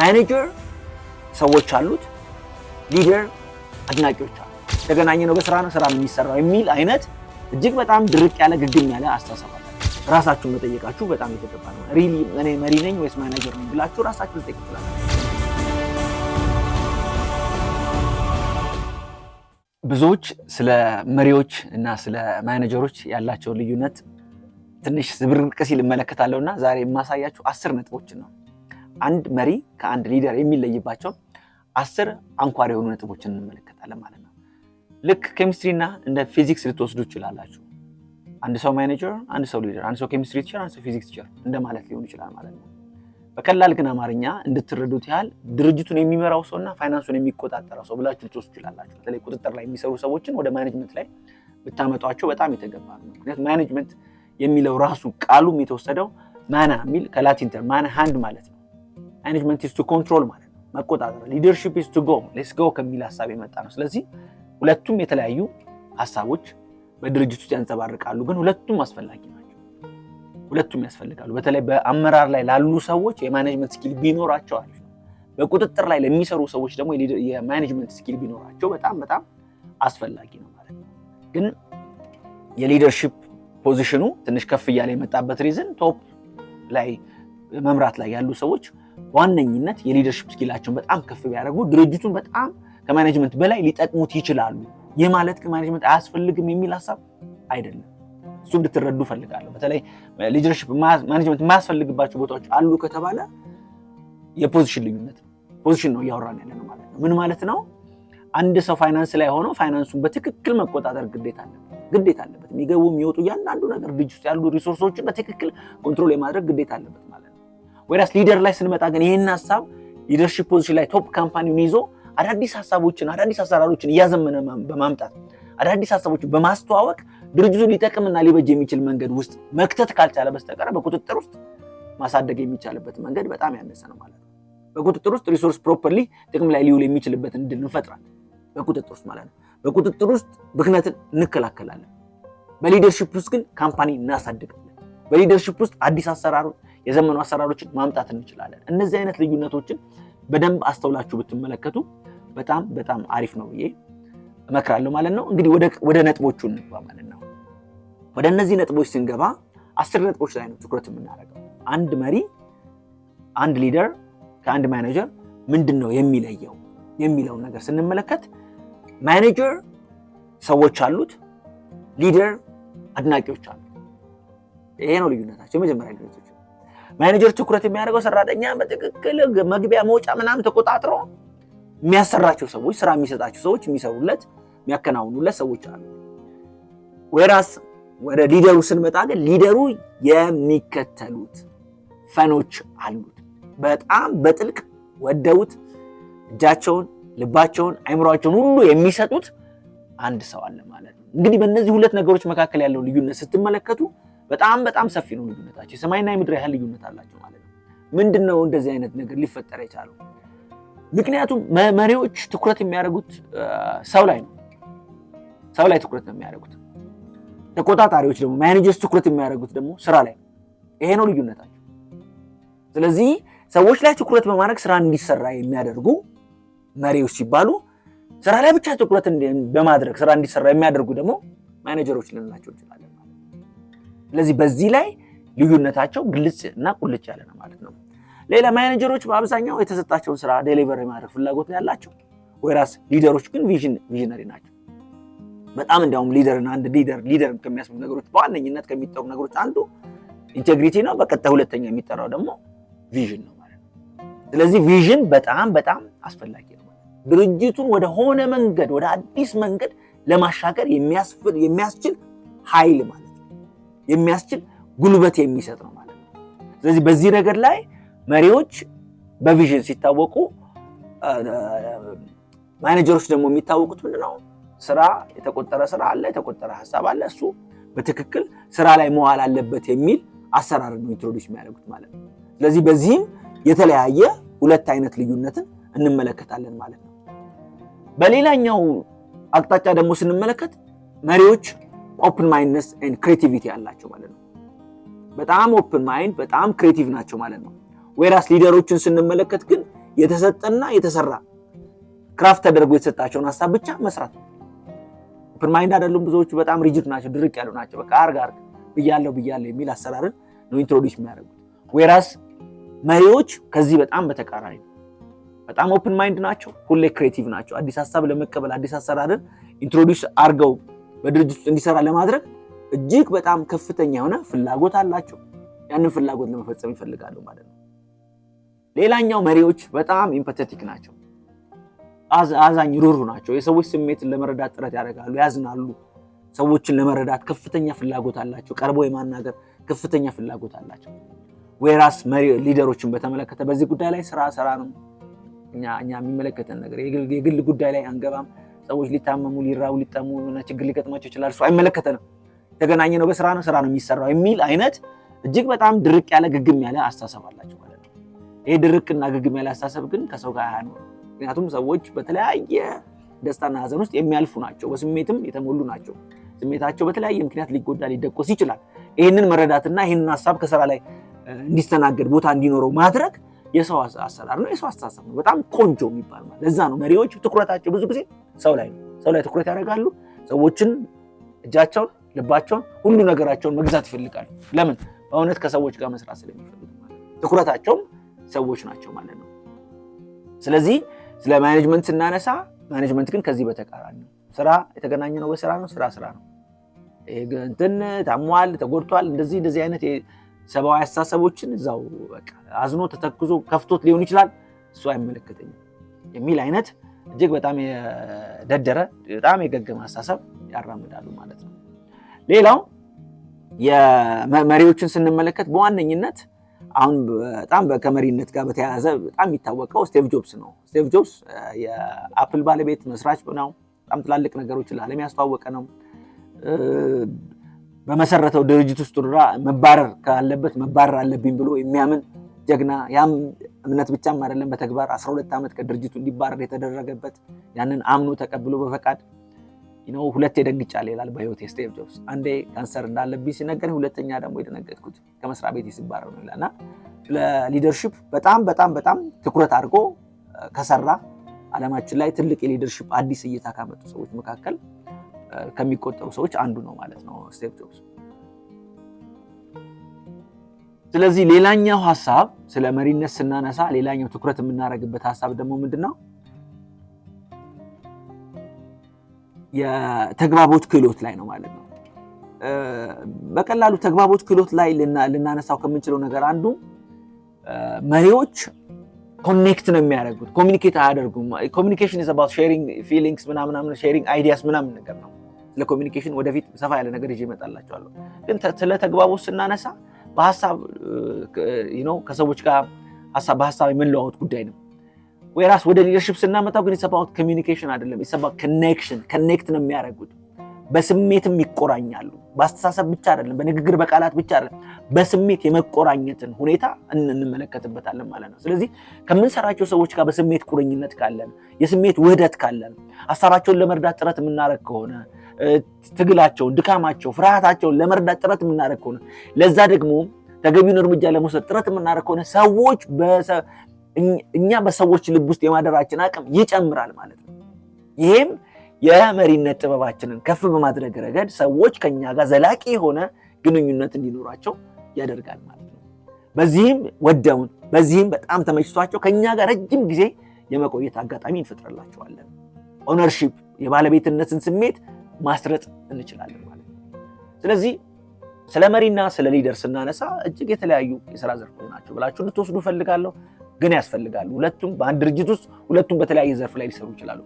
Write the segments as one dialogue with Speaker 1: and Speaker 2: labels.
Speaker 1: ማኔጀር ሰዎች አሉት፣ ሊደር አድናቂዎች አሉ። የተገናኘ ነው በስራ ነው፣ ስራ ነው የሚሰራው የሚል አይነት እጅግ በጣም ድርቅ ያለ ግግም ያለ አስተሳሰብ አለ። ራሳችሁን መጠየቃችሁ በጣም የተገባ ነው። ሪሊ እኔ መሪ ነኝ ወይስ ማኔጀር ነኝ ብላችሁ ራሳችሁ ልጠይቅ ይችላል።
Speaker 2: ብዙዎች ስለ መሪዎች እና ስለ ማኔጀሮች ያላቸውን ልዩነት ትንሽ ዝብርቅ ሲል እመለከታለሁ እና ዛሬ የማሳያችሁ አስር ነጥቦችን ነው። አንድ መሪ ከአንድ ሊደር የሚለይባቸው አስር አንኳር የሆኑ ነጥቦችን እንመለከታለን ማለት ነው። ልክ ኬሚስትሪና እንደ ፊዚክስ ልትወስዱ ትችላላችሁ። አንድ ሰው ማኔጀር፣ አንድ ሰው ሊደር፣ አንድ ሰው ኬሚስትሪ ቲቸር፣ አንድ ሰው ፊዚክስ ቲቸር እንደማለት ሊሆን ይችላል ማለት ነው። በቀላል ግን አማርኛ እንድትረዱት ያህል ድርጅቱን የሚመራው ሰው እና ፋይናንሱን የሚቆጣጠረው ሰው ብላችሁ ልትወስዱ ይችላላችሁ። በተለይ ቁጥጥር ላይ የሚሰሩ ሰዎችን ወደ ማኔጅመንት ላይ ብታመጧቸው በጣም የተገባ ነው። ምክንያቱም ማኔጅመንት የሚለው ራሱ ቃሉም የተወሰደው ማና የሚል ከላቲን ማና ሃንድ ማለት ነው ማኔጅመንት ኢዝ ቱ ኮንትሮል ማለት ነው፣ መቆጣጠር። ሊደርሺፕ ኢዝ ቱ ጎ ሌትስ ጎ ከሚል ሀሳብ የመጣ ነው። ስለዚህ ሁለቱም የተለያዩ ሀሳቦች በድርጅት ውስጥ ያንጸባርቃሉ፣ ግን ሁለቱም አስፈላጊ ናቸው። ሁለቱም ያስፈልጋሉ። በተለይ በአመራር ላይ ላሉ ሰዎች የማኔጅመንት ስኪል ቢኖራቸው አሪፍ ነው። በቁጥጥር ላይ ለሚሰሩ ሰዎች ደግሞ የማኔጅመንት ስኪል ቢኖራቸው በጣም በጣም አስፈላጊ ነው ማለት ነው። ግን የሊደርሺፕ ፖዚሽኑ ትንሽ ከፍ እያለ የመጣበት ሪዝን ቶፕ ላይ መምራት ላይ ያሉ ሰዎች በዋነኝነት የሊደርሽፕ ስኪላቸውን በጣም ከፍ ቢያደርጉ ድርጅቱን በጣም ከማኔጅመንት በላይ ሊጠቅሙት ይችላሉ። ይህ ማለት ከማኔጅመንት አያስፈልግም የሚል ሀሳብ አይደለም። እሱ እንድትረዱ ፈልጋለሁ በተለይ ሊደርሽፕ ማኔጅመንት የማያስፈልግባቸው ቦታዎች አሉ ከተባለ የፖዚሽን ልዩነት ፖዚሽን ነው እያወራን ያለ ነው ማለት ነው። ምን ማለት ነው? አንድ ሰው ፋይናንስ ላይ ሆኖ ፋይናንሱን በትክክል መቆጣጠር ግዴታ አለበት ግዴታ አለበት። የሚገቡ የሚወጡ እያንዳንዱ ነገር ድርጅት ውስጥ ያሉ ሪሶርሶችን በትክክል ኮንትሮል የማድረግ ግዴታ አለበት። ወይስ ሊደር ላይ ስንመጣ ግን ይህን ሀሳብ ሊደርሽፕ ፖዚሽን ላይ ቶፕ ካምፓኒውን ይዞ አዳዲስ ሀሳቦችን አዳዲስ አሰራሮችን እያዘመነ በማምጣት አዳዲስ ሀሳቦችን በማስተዋወቅ ድርጅቱ ሊጠቅምና ሊበጅ የሚችል መንገድ ውስጥ መክተት ካልቻለ በስተቀረ በቁጥጥር ውስጥ ማሳደግ የሚቻልበት መንገድ በጣም ያነሰ ነው ማለት ነው። በቁጥጥር ውስጥ ሪሶርስ ፕሮፐርሊ ጥቅም ላይ ሊውል የሚችልበትን እድል እንፈጥራለን። በቁጥጥር ውስጥ ማለት ነው። በቁጥጥር ውስጥ ብክነትን እንከላከላለን። በሊደርሽፕ ውስጥ ግን ካምፓኒ እናሳድጋለን። በሊደርሽፕ ውስጥ አዲስ አሰራሩን የዘመኑ አሰራሮችን ማምጣት እንችላለን። እነዚህ አይነት ልዩነቶችን በደንብ አስተውላችሁ ብትመለከቱ በጣም በጣም አሪፍ ነው ብዬ እመክራለሁ ማለት ነው። እንግዲህ ወደ ነጥቦቹ እንግባ ማለት ነው። ወደ እነዚህ ነጥቦች ስንገባ አስር ነጥቦች ላይ ነው ትኩረት የምናደርገው። አንድ መሪ አንድ ሊደር ከአንድ ማኔጀር ምንድን ነው የሚለየው የሚለውን ነገር ስንመለከት ማኔጀር ሰዎች አሉት፣ ሊደር አድናቂዎች አሉ። ይሄ ነው ልዩነታቸው የመጀመሪያ ማኔጀር ትኩረት የሚያደርገው ሰራተኛ በትክክል መግቢያ መውጫ ምናምን ተቆጣጥሮ የሚያሰራቸው ሰዎች፣ ስራ የሚሰጣቸው ሰዎች፣ የሚሰሩለት የሚያከናውኑለት ሰዎች አሉ። ወይራስ ወደ ሊደሩ ስንመጣ ግን ሊደሩ የሚከተሉት ፈኖች አሉት። በጣም በጥልቅ ወደውት እጃቸውን፣ ልባቸውን፣ አይምሯቸውን ሁሉ የሚሰጡት አንድ ሰው አለ ማለት ነው። እንግዲህ በእነዚህ ሁለት ነገሮች መካከል ያለውን ልዩነት ስትመለከቱ በጣም በጣም ሰፊ ነው ልዩነታቸው። የሰማይና የምድር ያህል ልዩነት አላቸው ማለት ነው። ምንድን ነው እንደዚህ አይነት ነገር ሊፈጠር የቻለው? ምክንያቱም መሪዎች ትኩረት የሚያደርጉት ሰው ላይ ነው። ሰው ላይ ትኩረት ነው የሚያደርጉት። ተቆጣጣሪዎች ደግሞ ማኔጀርስ ትኩረት የሚያደርጉት ደግሞ ስራ ላይ ነው። ይሄ ነው ልዩነታቸው። ስለዚህ ሰዎች ላይ ትኩረት በማድረግ ስራ እንዲሰራ የሚያደርጉ መሪዎች ሲባሉ፣ ስራ ላይ ብቻ ትኩረት በማድረግ ስራ እንዲሰራ የሚያደርጉ ደግሞ ማኔጀሮች ልንላቸው እንችላለን። ስለዚህ በዚህ ላይ ልዩነታቸው ግልጽ እና ቁልጭ ያለ ነው ማለት ነው። ሌላ ማኔጀሮች በአብዛኛው የተሰጣቸውን ስራ ዴሊቨር የማድረግ ፍላጎት ነው ያላቸው፣ ወይራስ ሊደሮች ግን ቪዥነሪ ናቸው። በጣም እንዲያውም ሊደርን አንድ ሊደር ሊደር ከሚያስቡ ነገሮች በዋነኝነት ከሚጠሩ ነገሮች አንዱ ኢንቴግሪቲ ነው። በቀጣይ ሁለተኛ የሚጠራው ደግሞ ቪዥን ነው ማለት ነው። ስለዚህ ቪዥን በጣም በጣም አስፈላጊ ነው። ድርጅቱን ወደሆነ መንገድ ወደ አዲስ መንገድ ለማሻገር የሚያስችል ኃይል ማለት የሚያስችል ጉልበት የሚሰጥ ነው ማለት ነው። ስለዚህ በዚህ ነገር ላይ መሪዎች በቪዥን ሲታወቁ፣ ማኔጀሮች ደግሞ የሚታወቁት ምንድነው? ስራ የተቆጠረ ስራ አለ፣ የተቆጠረ ሀሳብ አለ። እሱ በትክክል ስራ ላይ መዋል አለበት የሚል አሰራር ነው ኢንትሮዲስ የሚያደርጉት ማለት ነው። ስለዚህ በዚህም የተለያየ ሁለት አይነት ልዩነትን እንመለከታለን ማለት ነው። በሌላኛው አቅጣጫ ደግሞ ስንመለከት መሪዎች ኦፕን ማይንድነስ ኤንድ ክሬቲቪቲ ያላቸው ማለት ነው። በጣም ኦፕን ማይንድ በጣም ክሬቲቭ ናቸው ማለት ነው። ዌራስ ሊደሮችን ስንመለከት ግን የተሰጠና የተሰራ ክራፍት ተደርጎ የተሰጣቸውን ሀሳብ ብቻ መስራት ነው። ኦፕን ማይንድ አይደሉም። ብዙዎቹ በጣም ሪጅድ ናቸው፣ ድርቅ ያሉ ናቸው። በቃ አርግ አርግ ብያለው ብያለው የሚል አሰራርን ነው ኢንትሮዲስ የሚያደርጉት። ዌራስ መሪዎች ከዚህ በጣም በተቃራኒ በጣም ኦፕን ማይንድ ናቸው፣ ሁሌ ክሬቲቭ ናቸው። አዲስ ሀሳብ ለመቀበል አዲስ አሰራርን ኢንትሮዲስ አርገው በድርጅት ውስጥ እንዲሰራ ለማድረግ እጅግ በጣም ከፍተኛ የሆነ ፍላጎት አላቸው። ያንን ፍላጎት ለመፈጸም ይፈልጋሉ ማለት ነው። ሌላኛው መሪዎች በጣም ኢምፐተቲክ ናቸው። አዛኝ ሩሩ ናቸው። የሰዎች ስሜትን ለመረዳት ጥረት ያደርጋሉ፣ ያዝናሉ። ሰዎችን ለመረዳት ከፍተኛ ፍላጎት አላቸው። ቀርቦ የማናገር ከፍተኛ ፍላጎት አላቸው። ወይራስ መሪ ሊደሮችን በተመለከተ በዚህ ጉዳይ ላይ ስራ ስራ ነው፣ እኛ የሚመለከተን ነገር የግል ጉዳይ ላይ አንገባም ሰዎች ሊታመሙ፣ ሊራቡ፣ ሊጠሙ ችግር ሊገጥማቸው ይችላል። እሱ አይመለከተንም። የተገናኘ ነው በስራ ነው፣ ስራ ነው የሚሰራው የሚል አይነት እጅግ በጣም ድርቅ ያለ ግግም ያለ አስተሳሰብ አላቸው ማለት ነው። ይሄ ድርቅና ግግም ያለ አስተሳሰብ ግን ከሰው ጋር አያኖር። ምክንያቱም ሰዎች በተለያየ ደስታና ሀዘን ውስጥ የሚያልፉ ናቸው። በስሜትም የተሞሉ ናቸው። ስሜታቸው በተለያየ ምክንያት ሊጎዳ ሊደቆስ ይችላል። ይህንን መረዳትና ይህንን ሀሳብ ከስራ ላይ እንዲስተናገድ ቦታ እንዲኖረው ማድረግ የሰው አሰራር ነው፣ የሰው አስተሳሰብ ነው። በጣም ቆንጆ የሚባል ማለት ለዛ ነው መሪዎች ትኩረታቸው ብዙ ጊዜ ሰው ላይ ነው። ሰው ላይ ትኩረት ያደርጋሉ። ሰዎችን፣ እጃቸውን፣ ልባቸውን፣ ሁሉ ነገራቸውን መግዛት ይፈልጋሉ። ለምን? በእውነት ከሰዎች ጋር መስራት ስለሚፈልጉ ትኩረታቸውም ሰዎች ናቸው ማለት ነው። ስለዚህ ስለ ማኔጅመንት ስናነሳ ማኔጅመንት ግን ከዚህ በተቃራኒ ነው። ስራ የተገናኘ ነው፣ በስራ ነው፣ ስራ ስራ ነው። እንትን ታሟል፣ ተጎድቷል፣ እንደዚህ እንደዚህ አይነት ሰብአዊ አስተሳሰቦችን እዛው በቃ አዝኖ ተተክዞ ከፍቶት ሊሆን ይችላል እሱ አይመለከተኝም የሚል አይነት እጅግ በጣም የደደረ በጣም የገገመ አስተሳሰብ ያራምዳሉ ማለት ነው። ሌላው መሪዎችን ስንመለከት በዋነኝነት አሁን በጣም ከመሪነት ጋር በተያያዘ በጣም የሚታወቀው ስቴቭ ጆብስ ነው። ስቴቭ ጆብስ የአፕል ባለቤት መስራች ነው። በጣም ትላልቅ ነገሮችን ለዓለም ያስተዋወቀ ነው። በመሰረተው ድርጅት ውስጥ ራ መባረር ካለበት መባረር አለብኝ ብሎ የሚያምን ጀግና ያም እምነት ብቻም አይደለም፣ በተግባር 12 ዓመት ከድርጅቱ እንዲባረር የተደረገበት ያንን አምኖ ተቀብሎ በፈቃድ ነው። ሁለቴ ደንግጫለሁ ይላል በህይወት ስቴቭ ጆብስ። አንዴ ካንሰር እንዳለብኝ ሲነገር ሁለተኛ ደግሞ የደነገጥኩት ከመስሪያ ቤት ሲባረር ነው ይላል ስለ ሊደርሽፕ በጣም በጣም በጣም ትኩረት አድርጎ ከሰራ ዓለማችን ላይ ትልቅ የሊደርሽፕ አዲስ እይታ ካመጡ ሰዎች መካከል ከሚቆጠሩ ሰዎች አንዱ ነው ማለት ነው ስቴቭ ጆብስ። ስለዚህ ሌላኛው ሀሳብ ስለ መሪነት ስናነሳ ሌላኛው ትኩረት የምናደርግበት ሀሳብ ደግሞ ምንድን ነው? የተግባቦት ክህሎት ላይ ነው ማለት ነው። በቀላሉ ተግባቦት ክህሎት ላይ ልናነሳው ከምንችለው ነገር አንዱ መሪዎች ኮኔክት ነው የሚያደርጉት፣ ኮሚኒኬት አያደርጉም። ኮሚኒኬሽን ኢዝ አባውት ሼሪንግ ፊሊንግስ ምናምን፣ ሼሪንግ አይዲያስ ምናምን ነገር ነው። ስለ ኮሚኒኬሽን ወደፊት ሰፋ ያለ ነገር ይዤ እመጣላችኋለሁ። ግን ስለ ተግባቦት ስናነሳ በሀሳብ ከሰዎች ጋር በሀሳብ የምንለዋወጥ ጉዳይ ነው። ራስ ወደ ሊደርሽፕ ስናመጣው ግን የሰባት ኮሚኒኬሽን አይደለም፣ የሰባት ኮኔክሽን። ኮኔክት ነው የሚያደርጉት፣ በስሜትም ይቆራኛሉ። በአስተሳሰብ ብቻ አይደለም፣ በንግግር በቃላት ብቻ አይደለም፣ በስሜት የመቆራኘትን ሁኔታ እንመለከትበታለን ማለት ነው። ስለዚህ ከምንሰራቸው ሰዎች ጋር በስሜት ቁርኝነት ካለን፣ የስሜት ውህደት ካለን፣ ሀሳባቸውን ለመርዳት ጥረት የምናደርግ ከሆነ ትግላቸውን፣ ድካማቸው፣ ፍርሃታቸውን ለመርዳት ጥረት የምናደርግ ከሆነ ለዛ ደግሞ ተገቢውን እርምጃ ለመውሰድ ጥረት የምናደርግ ከሆነ ሰዎች እኛ በሰዎች ልብ ውስጥ የማደራችን አቅም ይጨምራል ማለት ነው። ይሄም የመሪነት ጥበባችንን ከፍ በማድረግ ረገድ ሰዎች ከኛ ጋር ዘላቂ የሆነ ግንኙነት እንዲኖራቸው ያደርጋል ማለት ነው። በዚህም ወደውን በዚህም በጣም ተመችቷቸው ከኛ ጋር ረጅም ጊዜ የመቆየት አጋጣሚ እንፈጥርላቸዋለን። ኦነርሺፕ የባለቤትነትን ስሜት ማስረጥ እንችላለን ማለት ነው። ስለዚህ ስለ መሪና ስለ ሊደር ስናነሳ እጅግ የተለያዩ የስራ ዘርፎች ናቸው ብላችሁ እንድትወስዱ እፈልጋለሁ፣ ግን ያስፈልጋሉ። ሁለቱም በአንድ ድርጅት ውስጥ ሁለቱም በተለያየ ዘርፍ ላይ ሊሰሩ ይችላሉ።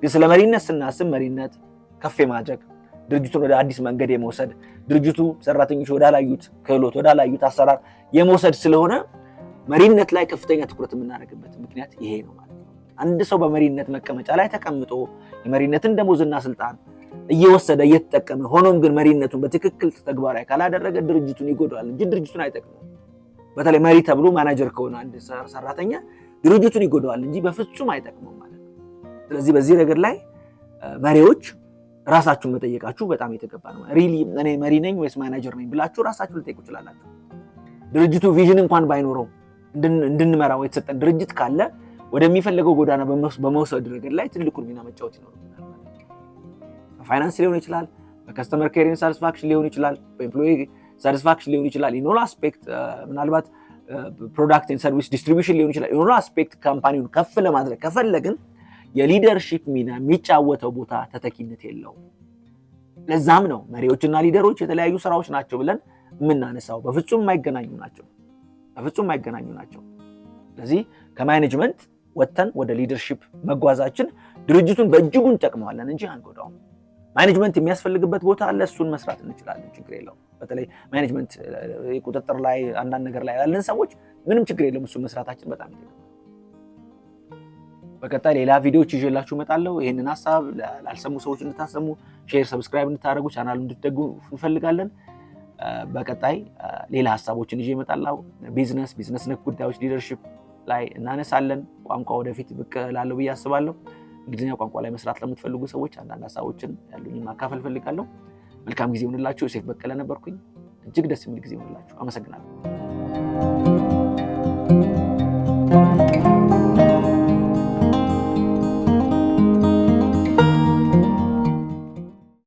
Speaker 2: ግን ስለ መሪነት ስናስብ መሪነት ከፍ የማድረግ ድርጅቱን ወደ አዲስ መንገድ የመውሰድ ድርጅቱ ሰራተኞች ወዳላዩት ክህሎት ወዳላዩት አሰራር የመውሰድ ስለሆነ መሪነት ላይ ከፍተኛ ትኩረት የምናደርግበት ምክንያት ይሄ ነው ማለት ነው። አንድ ሰው በመሪነት መቀመጫ ላይ ተቀምጦ የመሪነትን ደሞዝና ስልጣን እየወሰደ እየተጠቀመ ሆኖም ግን መሪነቱን በትክክል ተግባራዊ ካላደረገ ድርጅቱን ይጎዳዋል እንጂ ድርጅቱን አይጠቅምም። በተለይ መሪ ተብሎ ማናጀር ከሆነ አንድ ሰራተኛ ድርጅቱን ይጎዳዋል እንጂ በፍጹም አይጠቅምም። ስለዚህ በዚህ ረገድ ላይ መሪዎች ራሳችሁን መጠየቃችሁ በጣም የተገባ ነው። ሪሊ እኔ መሪ ነኝ ወይስ ማናጀር ነኝ ብላችሁ ራሳችሁ ልጠይቁ ይችላላችሁ። ድርጅቱ ቪዥን እንኳን ባይኖረው እንድንመራው የተሰጠን ድርጅት ካለ ወደሚፈለገው ጎዳና በመውሰድ ረገድ ላይ ትልቁን ሚና መጫወት ይኖርብናል። በፋይናንስ ሊሆን ይችላል፣ በከስተመር ኬር ሳቲስፋክሽን ሊሆን ይችላል፣ በኤምፕሎይ ሳቲስፋክሽን ሊሆን ይችላል። የኖሮ አስፔክት ምናልባት ፕሮዳክት ሰርቪስ ዲስትሪቢሽን ሊሆን ይችላል። የኖሮ አስፔክት ካምፓኒውን ከፍ ለማድረግ ከፈለግን የሊደርሺፕ ሚና የሚጫወተው ቦታ ተተኪነት የለውም። ለዛም ነው መሪዎችና ሊደሮች የተለያዩ ስራዎች ናቸው ብለን የምናነሳው። በፍጹም የማይገናኙ ናቸው፣ በፍጹም የማይገናኙ ናቸው። ስለዚህ ከማኔጅመንት ወጥተን ወደ ሊደርሺፕ መጓዛችን ድርጅቱን በእጅጉን እንጠቅመዋለን እንጂ አንጎዳውም። ማኔጅመንት የሚያስፈልግበት ቦታ አለ። እሱን መስራት እንችላለን፣ ችግር የለው በተለይ ማኔጅመንት ቁጥጥር ላይ አንዳንድ ነገር ላይ ያለን ሰዎች ምንም ችግር የለውም። እሱን መስራታችን በጣም በቀጣይ ሌላ ቪዲዮዎች ይዤላችሁ እመጣለሁ። ይህንን ሀሳብ ላልሰሙ ሰዎች እንድታሰሙ፣ ሼር፣ ሰብስክራይብ እንድታደርጉ፣ ቻናሉ እንድትደጉ እንፈልጋለን። በቀጣይ ሌላ ሀሳቦችን ይዤ እመጣለሁ። ቢዝነስ ቢዝነስ ነክ ጉዳዮች ሊደርሽፕ ላይ እናነሳለን። ቋንቋ ወደፊት ብቅ እላለሁ ብዬ አስባለሁ። እንግሊዝኛ ቋንቋ ላይ መስራት ለምትፈልጉ ሰዎች አንዳንድ ሀሳቦችን ያሉኝ ማካፈል እፈልጋለሁ። መልካም ጊዜ ሆንላችሁ ዮሴፍ በቀለ ነበርኩኝ። እጅግ ደስ የሚል ጊዜ ይሆንላችሁ። አመሰግናለሁ።